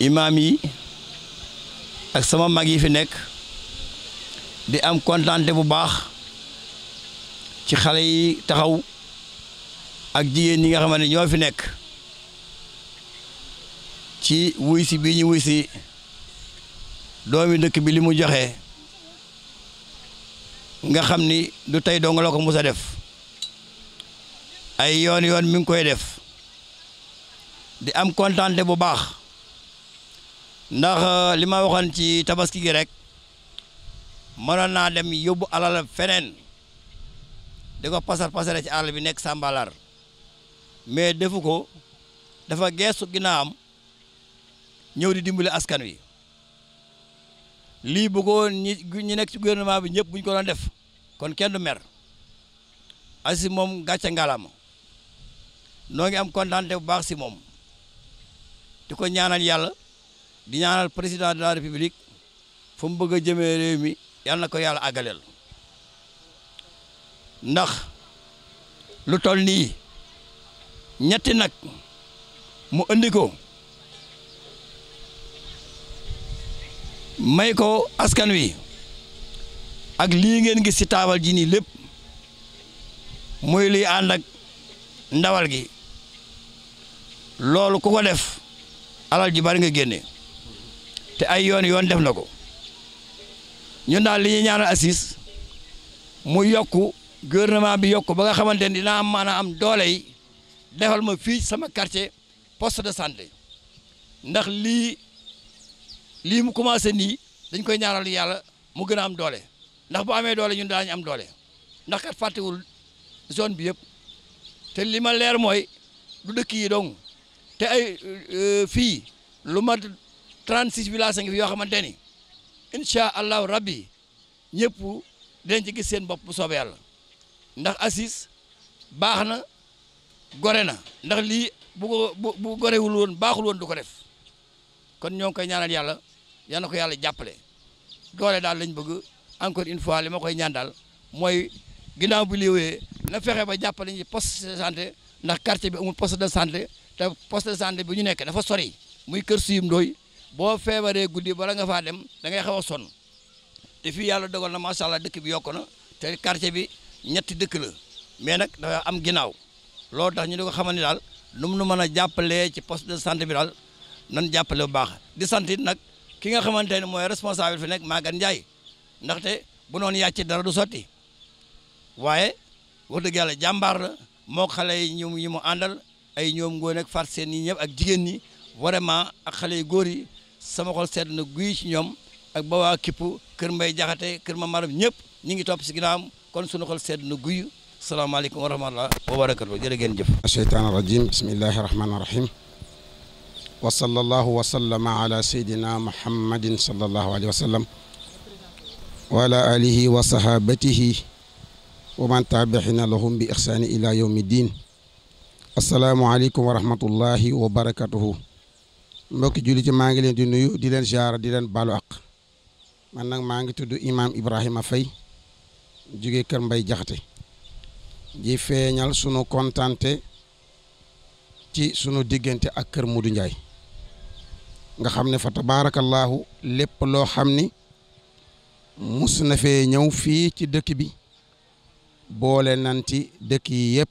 imaam yi ak sama mag yi fi nekk di am kontante bu baax ci xale yi taxaw ak jigéen ñi nga xamante ni ñoo fi nekk ci wuy si ñu wuy si doomi dëkk bi li mu joxe nga xam ni du tey dong la ko mus a def ay yoon yoon mi ngi koy def di am kontante bu baax ndax euh, li ma waxoon ci tabaski gi rek mënoon naa dem yóbbu alal feneen di ko pasar pasare ci àll bi nekk sàmbalar mais defu ko dafa geesu ginnaawam ñëw di dimbali askan wi lii bu ko ñi ñi nekk ci gouvernement bi ñëpp buñ ñu ko doon def kon kenn du mer assi moom gàcce ngalaama noo ngi am kontaante bu baax si moom di ko ñaanal yàlla di ñaanal président de la république fu mu bëgg a jëmee réew mi yàlla na ko yàlla àggaleel ndax lu toll nii ñetti nag mu andi ko may ko askan wi ak lii ngeen gis ci taabal ji nii lépp muy li ànd ak ndawal gi loolu ku ko def alal ji bari nga génne te ay yoon yoon def na ko ñun daal li ñuy ñaanal assise mu yokk gouvernement bi yokk ba nga xamante ni dinaa maanaam am doole defal ma fii sama quartier poste de santé ndax lii lii mu commencé nii dañ koy ñaanal yàlla mu gën a am doole ndax bu amee doole ñun daañu am doole ndax kat fàttewul zone bi yëpp te li ma leer mooy du dëkk yi dong te ay euh, fii lu mat 36 villages a ngi fi yoo xamante ni incha allahu rabbi ñëpp dinañ ci gis seen bopp bu soobee yàlla ndax assis baax na gore na ndax lii bu ko bu bu gorewul woon baaxul woon du ko def kon ñoo ngi koy ñaanal yàlla yal na ko yàlla jàppale gore daal lañ bëgg encore une fois li ma koy ñaan daal mooy ginnaaw bu liwee na fexe ba jàpp ñu poste de santé ndax quartier bi amul poste de santé te poste de santé bi ñu nekk dafa sori muy kër suyum ndooy boo feebaree guddi bala nga faa dem da ngay xaw a sonn te fii yàlla dogal na macha allah dëkk bi yokku na te quartier bi ñetti dëkk la mais nag dafa am ginnaaw loolu dax ñu di ko daal nu mu nu mën a jàppalee ci poste de santé bi daal nan jàppale bu baax di sant nag ki nga xamante ne mooy responsable fi nekk Maguette Ndiaye ndaxte bu noonu yàcc dara du sotti waaye wax dëgg yàlla jàmbaar la moo xale yi ñu ñu mu àndal ay ñoom ngoon ak far seen yi ñëpp ak jigéen ñi vraiment xale yu góor yi sama xol sedd na guy ci ñoom ak ba waa kipp kër mbay jaxate kër ma maram ñëpp ñi ngi topp si ginnaawam kon sunu xol sedd na guy salaamaaleykum wa rahmatullah wa barakatu jërë ngeen jëf asheytaan irajim bismillahi irahmani irahim wa sallallahu wa sallama ala seydina muhammadin sallallahu alayhi wa sallam wa ala alihi wa sahabatihi wa man tabi'ina lahum bi ixsaani ila yawmi din assalaamu aleykum wa rahmatullahi wa barakatuhu mbokki julli ci maa ngi leen di nuyu di leen ziar di leen baalu ak man nag maa ngi tudd imaam Ibrahima Faye jóge kër Mbay jaxte di feeñal sunu kontante ci sunu diggante ak kër Mudu Njaay nga xam ne fa tabaarakallaahu lépp loo xam ni mus na fee ñëw fii ci dëkk bi boole nanti dëkk yi yëpp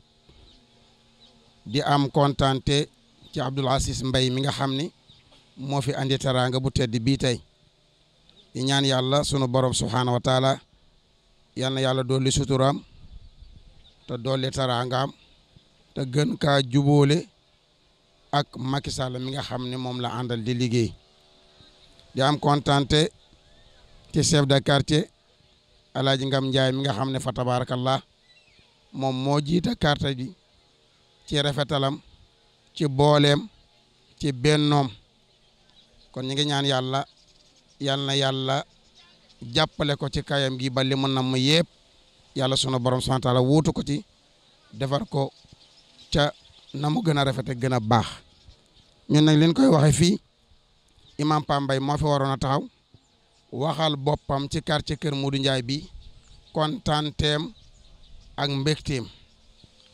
di am kontante ci Abdul Aziz Mbay mi nga xam ni moo fi andi teraanga bu tedd bii tey di ñaan yàlla sunu borom subhaanahu wa taala yàlla dolli suturaam te dolli teraangaam te gën kaa jubóole ak Macky Sall mi nga xam ni moom la àndal di liggéey di am ci chef de quartier Alaaji Ngam Njaay mi nga xam ne fa tabaarakallah moom moo jiita carte ji ci rafetalam ci booleem ci bennoom kon ñu ngi ñaan yàlla yal na yàlla jàppale ko ci kayam gi ba li mu namm yëpp yàlla sunu borom subhanahu wa taala wuutu ko ci defar ko ca namu mu gën a rafete gën a baax ñun nag leen koy waxe fii imam Pambay moo fi waroon a taxaw waxal boppam ci quartier Kër Modou njaay bi kontaanteem ak mbégteem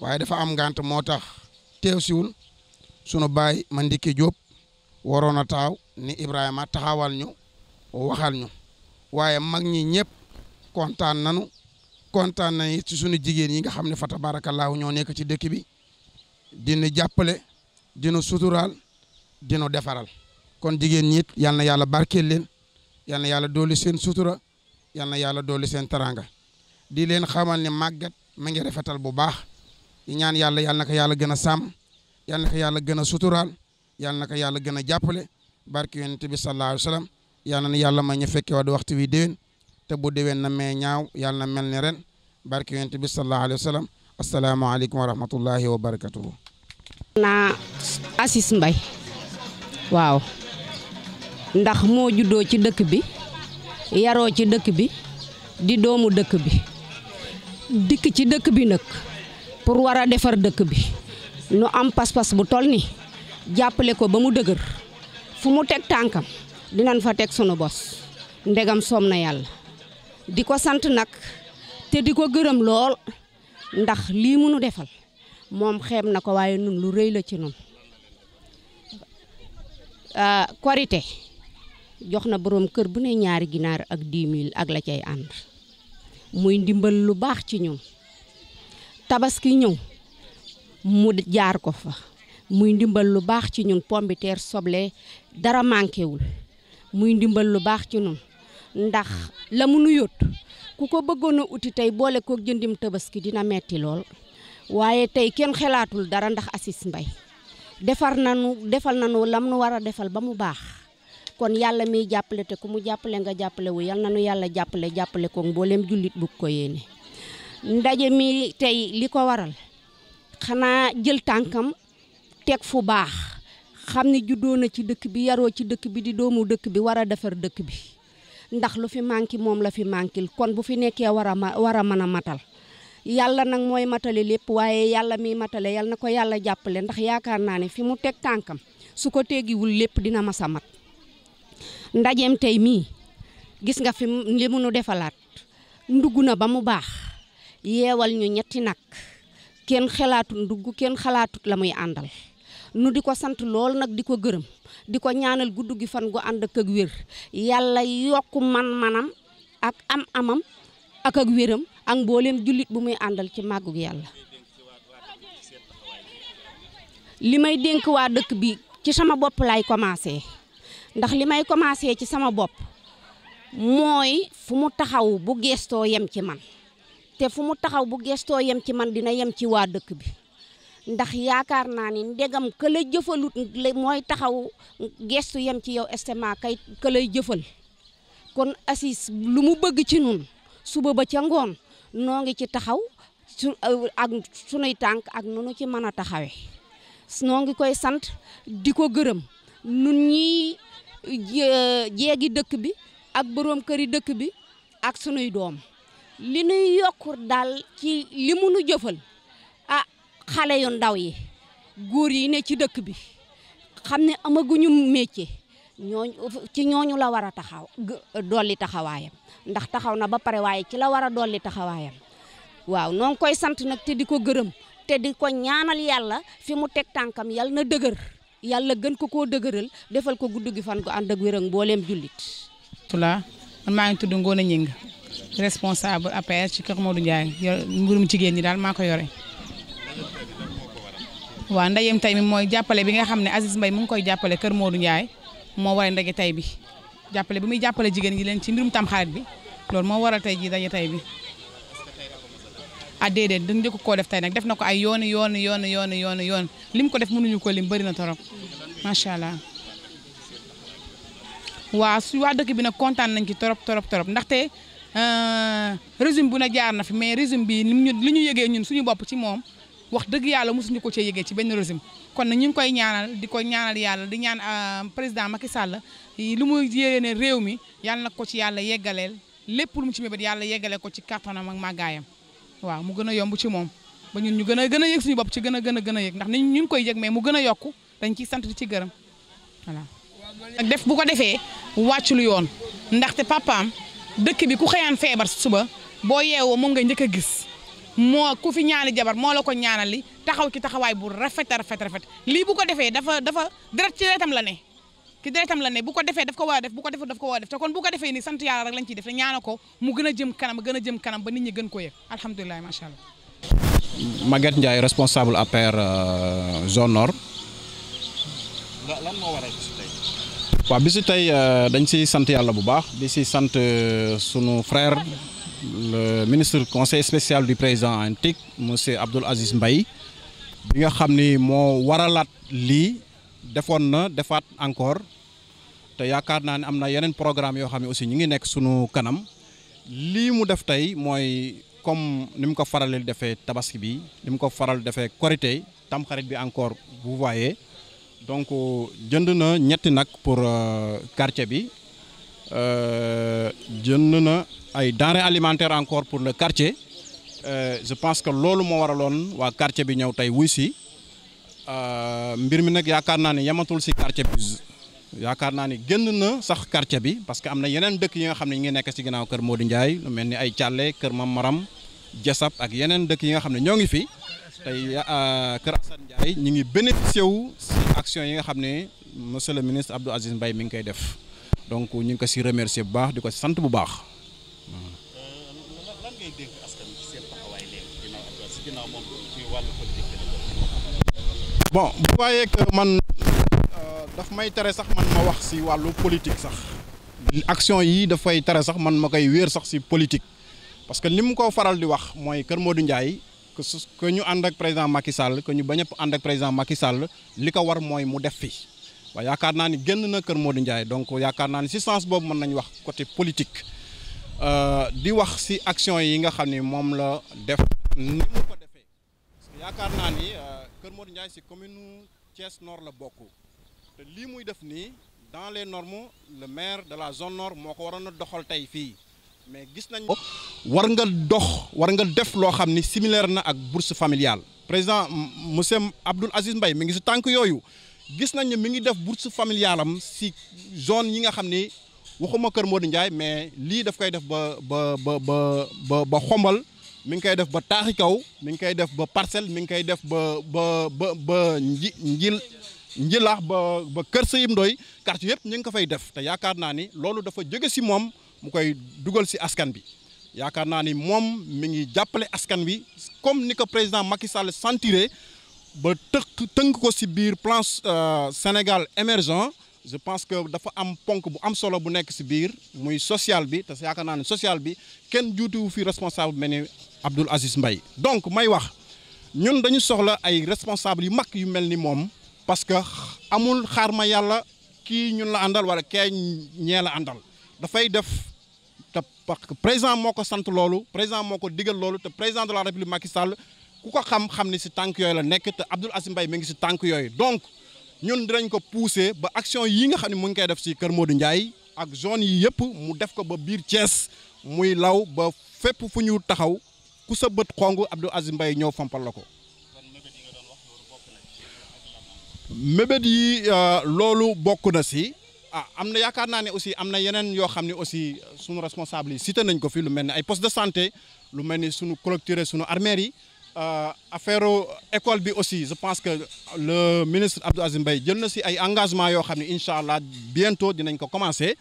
waaye dafa am ngant moo tax teew siwul sunu baay Mandiki Diop waroon a taxaw ni Ibrahima taxawal ñu waxal ñu waaye mag ñi ñëpp kontaan nanu kontaan nañu ci suñu jigéen yi nga xam ne fa tabaarakallaahu ñoo nekk ci dëkk bi dina jàppale dina suturaal dina defaral kon jigéen ñi it yal na yàlla barkeel leen yal na yàlla dooli seen sutura yal na yàlla dooli seen taranga di leen xamal ne màggat ma ngi rafetal bu baax ñaan yàlla yal na ko yàlla gën a sàmm yal na ko yàlla gën a suturaal yal na ko yàlla gën a jàppale barke bi sallallahu alayhi wa na yàlla ma ñu fekke waat waxtu wi déwén te bu dewen na mee ñaaw yal na mel ni ren barke bi sallallahu alayhi wa sallam asalaamaaleykum wa rahmatullahi wa barakatuhu naa Asis Mbay waaw ndax moo juddoo ci dëkk bi yaroo ci dëkk bi di doomu dëkk bi dikk ci dëkk bi nag pour war a defar dëkk bi nu am pas-pas bu tol ni jàppale ko ba mu dëgër fu mu teg tànkam dinañ fa teg sunu bos ndegam soom na yàlla di ko sant nag te di ko gërëm lool ndax lii mu nu defal moom xeeb na ko waaye nun lu rëy la ci nun ah, korite jox na boroom kër bu ne ñaari ginaar ak 10 000 ak la cay ànd muy ndimbal lu baax ci ñun tabaski ñëw mu jaar ko fa muy ndimbal lu baax ci ñun pombiteer soble dara manquéwul muy ndimbal lu baax ci ñun ndax la mu nu yóot ku ko bëggoon a uti tey boole kook jëndim tabaski dina metti lool waaye tey kenn xalaatul dara ndax Aziz mbay defar nanu defal na nanu lam nu war a defal ba mu baax kon yàlla miy jàppale te ku mu jàppale nga jàppale wu na nanu yàlla jàppale jàppale ko mbooleem jullit bu ko yéene ndaje mi tey li ko waral xanaa jël tànkam teg fu baax xam ne juddoo na ci dëkk bi yaroo ci dëkk bi di doomu dëkk bi war a defar dëkk bi ndax lu fi manqué moom la fi manqué kon bu fi nekkee war a ma war a mën a matal yàlla nag mooy matali lépp waaye yàlla miy matale yàlla na ko yàlla jàppale ndax yaakaar naa ne fi mu teg tànkam su ko teggiwul lépp dina mas a mat ndajeem tey mii gis nga fi li mu defalaat ndugg na ba mu baax yeewal ñu ñetti nag kenn xalaatu ndugg kenn xalaatut la muy àndal nu di ko sant lool nag di ko gërëm di ko ñaanal gudd gi fan gu ànd ak ak wér yàlla yokk man-manam ak am-amam ak ak wéram ak mboolem jullit bu muy àndal ci màggug yàlla li may dénk waa dëkk bi ci sama bopp laay commencé ndax li may commencé ci sama bopp mooy fu mu taxaw bu geestoo yem ci man te fu mu taxaw bu gestoo yem ci man dina yem ci waa dëkk bi ndax yaakaar naa ni ndégam ka la jëfalut mooy taxaw gestu yem ci yow estament kay ka lay jëfal kon assis lu mu bëgg ci nun suba ba ca ngoon noo ngi ci taxaw su euh, sunuy tànk ak nunu ci mën a taxawe noo ngi koy sant di ko gërëm nun ñii jeegi dëkk bi ak boroom këri dëkk bi ak sunuy doom li nuy yokk daal ci li mu jëfal xale yu ndaw yi góor yi ne ci dëkk bi xam ne amaguñu métier ñooñu ci ñooñu la war a taxaw dolli taxawaayam ndax taxaw na ba pare waaye ci la war a dolli taxawaayam waaw noo ngi koy sant nag te di ko gërëm te di ko ñaanal yàlla fi mu teg tànkam yàlla na dëgër yàlla gën ko koo dëgërël defal ko gudd gi fan ko ànd ak wér ak mbooleem jullit. tula man maa ngi tudd Ngone Gningue responsable APR ci Kër Modou Ndiaye mbirum jigéen ñi daal maa ko yore. waaw ndajeem tey mi mooy jàppale bi nga xam ne Aziz mbay mu ngi koy jàppale Kër Modou ñaay moo waral ndaje tey bi jàppale bi muy jàppale jigéen ñi leen ci mbirum tam bi loolu moo waral tey jii daje tey bi a ah, déedéet dañ njëkk koo def tey nag def na ko ay yoon yoon yoonu yoonu yoonu yoon lim ko def mënuñu ko lim bari na torop macha allah waa su waa dëkk bi nag kontaan nañ ci torop torop torop ndaxte euh, résumé bu na jaar na fi mais résumé bi li ñu yëgee ñun suñu bopp ci moom wax dëgg yàlla mosuñu ko cee yëgee ci benn régime kon nag ñu ngi koy ñaanal di ko ñaanal yàlla di ñaan euh, président Macky Sall lu muy yéene réew mi yàlla na ko ci yàlla yeggaleel lépp lu mu ci mébét yàlla yeggale ko ci kattanam ak màggaayam waaw mu gën a yomb ci moom ba ñun ñu gën a gën a yëg suñu bopp ci gën a gën a gën a yëg ndax ni ngi koy yëg mais mu gën a yokku dañ ciy sant di ci gërëm voilà. nag def bu ko defee wàccu lu yoon ndaxte papaam dëkk bi ku xëyaan feebar suba boo yeewoo moom nga njëkk a gis moo ku fi ñaani jabar moo la ko ñaanal li taxaw ci taxawaay bu rafet rafet rafet lii bu ko defee dafa dafa deret ci deretam la ne ci deretam la ne bu ko defee daf ko war a def bu ko defee daf ko war a def te kon bu ko defee ni sant yàlla rek lañ ciy def te ñaana ko mu gën a jëm kanam gën a jëm kanam ba nit ñi gën ko yëg alhamdulilah macha allah. Maguette Ndiaye responsable APR euh, zone nord. lan moo tey. waaw euh, dañ siy sant yàlla bu baax di si sant euh, sunu frère. le ministre conseil spécial du président en TIC monsieur Abdoul Aziz mbay bi nga xam ni moo waralaat lii defoon na defaat encore te yaakaar naa ne am na yeneen programme yoo xam ne aussi ñu ngi nekk sunu kanam lii mu def tey mooy comme ni mu ko faral defee tabaski bi ni mu ko faral defee korité tamxarit bi encore vous voyez donc jënd na ñetti nag pour euh, quartier bi euh, jënd na. ay denrées alimentaire encore pour le quartier euh, je pense que loolu moo waraloon waa quartier bi ñëw tey wuy si euh, mbir mi nag yaakaar naa ne yamatul si quartier bi yaakaar naa ni génn na sax quartier bi parce que am na yeneen dëkk yi nga xam ne ñu ngi nekk ci ginnaaw kër Modou njaay lu mel ni ay Thialé kër Mam Maram Jasab ak yeneen dëkk yi nga xam ne ñoo ngi fi tey euh, kër Assane Ndiaye ñu ngi bénéficié wu si action yi nga xam ne monsieur le ministre Abdou Aziz Mbaye mi ngi koy def donc ñu ngi ko si remercier bu baax di ko sant bu baax. ci bon bu waayeeg man euh, daf may tere sax man ma wax si wàllu politique sax action yi dafay tere sax man ma koy wéer sax si politique parce que li mu ko faral di wax mooy Kër Modou njaay que su que ñu ànd ak président Macky Sall que ñu bañ a ànd ak président Macky li ko war mooy mu def fi waaye yaakaar naa ni génn na Kër Modou Ndiaye donc yaakaar naa ni si sens boobu mën nañu wax côté politique. Euh, di wax ci action yi nga xam ni moom la def ni mu ko defee parce yaakaar naa ni euh, Kër Modou Ndiaye ci commune Thiès Nord la bokk te lii muy def nii dans les normes le maire de la zone nord moo ko waroon a doxal tey fii mais gis nañ war nga dox war nga def loo xam ni similaire na ak bourse familiale président monsieur Abdoul Aziz Mbaye mi ngi ci tànk yooyu gis nañ ne mi ngi def bourse familiale am ci zone yi nga xam ni waxuma kër Modou Ndiaye mais lii daf koy def ba ba ba ba xombal mi ngi koy def ba taaxi kaw mi ngi koy def ba parcelle mi ngi koy def ba ba ba nji njil njilaax ba ba kër sa Sayib Ndoy quartier yëpp ñu ngi ko fay def te yaakaar naa ni loolu dafa jóge si moom mu koy dugal si askan bi yaakaar naa ni moom mi ngi jàppale askan wi comme ni ko président Macky Sall sentiré ba tënk tënk ko si biir plan euh, Sénégal émergent je pense que dafa am ponk bu am solo bu nekk si biir muy social bi te yaakaar naa ne sociale bi kenn juutiwu fi responsable mel ni Abdoul Aziz Mbaye donc may wax ñun dañu soxla ay responsable yu mag yu mel ni moom parce que amul xaar ma yàlla kii ñun la àndal wala kee ñee la àndal dafay def te parce que président moo ko sant loolu président moo ko digal loolu te président de la république Macky Sall ku ko xam-xam ni si tànk yooyu la nekk te Abdoul Aziz Mbaye mi ngi si tànk yooyu donc ñun dinañ ko pousser ba action yi nga xam ne mu ngi koy def si Kër Modou Ndiaye ak zone yi yëpp mu def ko ba biir cees muy law ba fépp fu ñu taxaw ku sa bët xong Abdou Aziz Mbaye ñëw fompal la ko. mébét yi euh, loolu bokk na si. ah am na yaakaar naa ne aussi am na yeneen yoo xam ne aussi suñu responsable yi cité nañ ko fii lu mel ni ay poste de santé lu mel ni suñu clôturer suñu armères yi. Euh, affaire école bi aussi je pense que le ministre Abdou Azim mbay jël na si ay engagement yoo xam ne incha allah bientôt dinañ ko commencer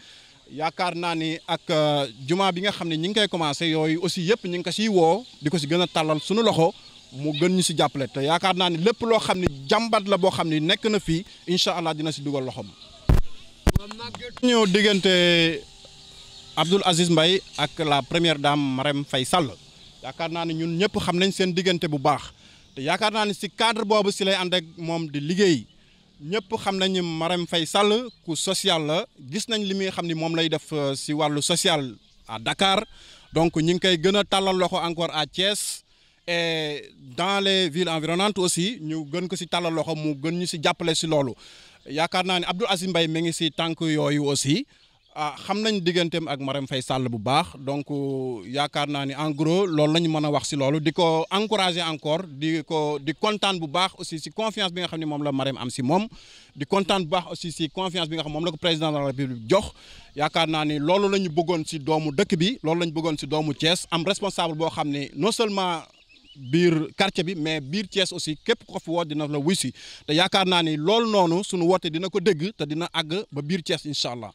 yaakaar naa ni ak euh, juma bi nga xam ne ñi ngi koy commencer yooyu aussi yëpp ñi ngi ko siy woo di ko si gën a tàllal suñu loxo mu gën ñu si jàppale te yaakaar naa ni lépp loo xam ni jàmbat la boo xam ne nekk na fii incha allah dina si dugal loxoom. ñu diggante Abdoul Aziz mbay ak la première dame Marème fay Sall. yaakaar naa ne ñun ñëpp xam nañ seen diggante bu baax te yaakaar naa ne si cadre boobu si lay ànd ak moom di liggéey ñëpp xam nañu Marème Faye Sall ku social la gis nañ li muy xam ni moom lay def euh, si wàllu social à Dakar donc ñu ngi koy gën a tàllal loxo encore à Thiès et dans les villes environnantes aussi ñu gën ko si tàllal loxo mu gën ñu si jàppale si loolu yaakaar naa ne Abdoul Aziz Mbaye mi ngi si tànk yooyu aussi ah xam nañ digganteem ak Marème fay Sall bu baax donc yaakaar naa ni en gros loolu la ñu mën a wax si loolu di ko encourager encore di ko di kontaan bu baax aussi si confiance bi nga xam ne moom la Marème am si moom di kontaan bu baax aussi si confiance bi nga xam moom la ko président de la République jox yaakaar naa ni loolu la ñu bëggoon si doomu dëkk bi loolu la ñu bëggoon si doomu Thiès am responsable boo xam ne non seulement biir quartier bi mais biir Thiès aussi képp ko fi dina la wuy yaakaar naa ni loolu noonu suñu woote dina ko dégg te dina àgg ba biir Thiès incha allah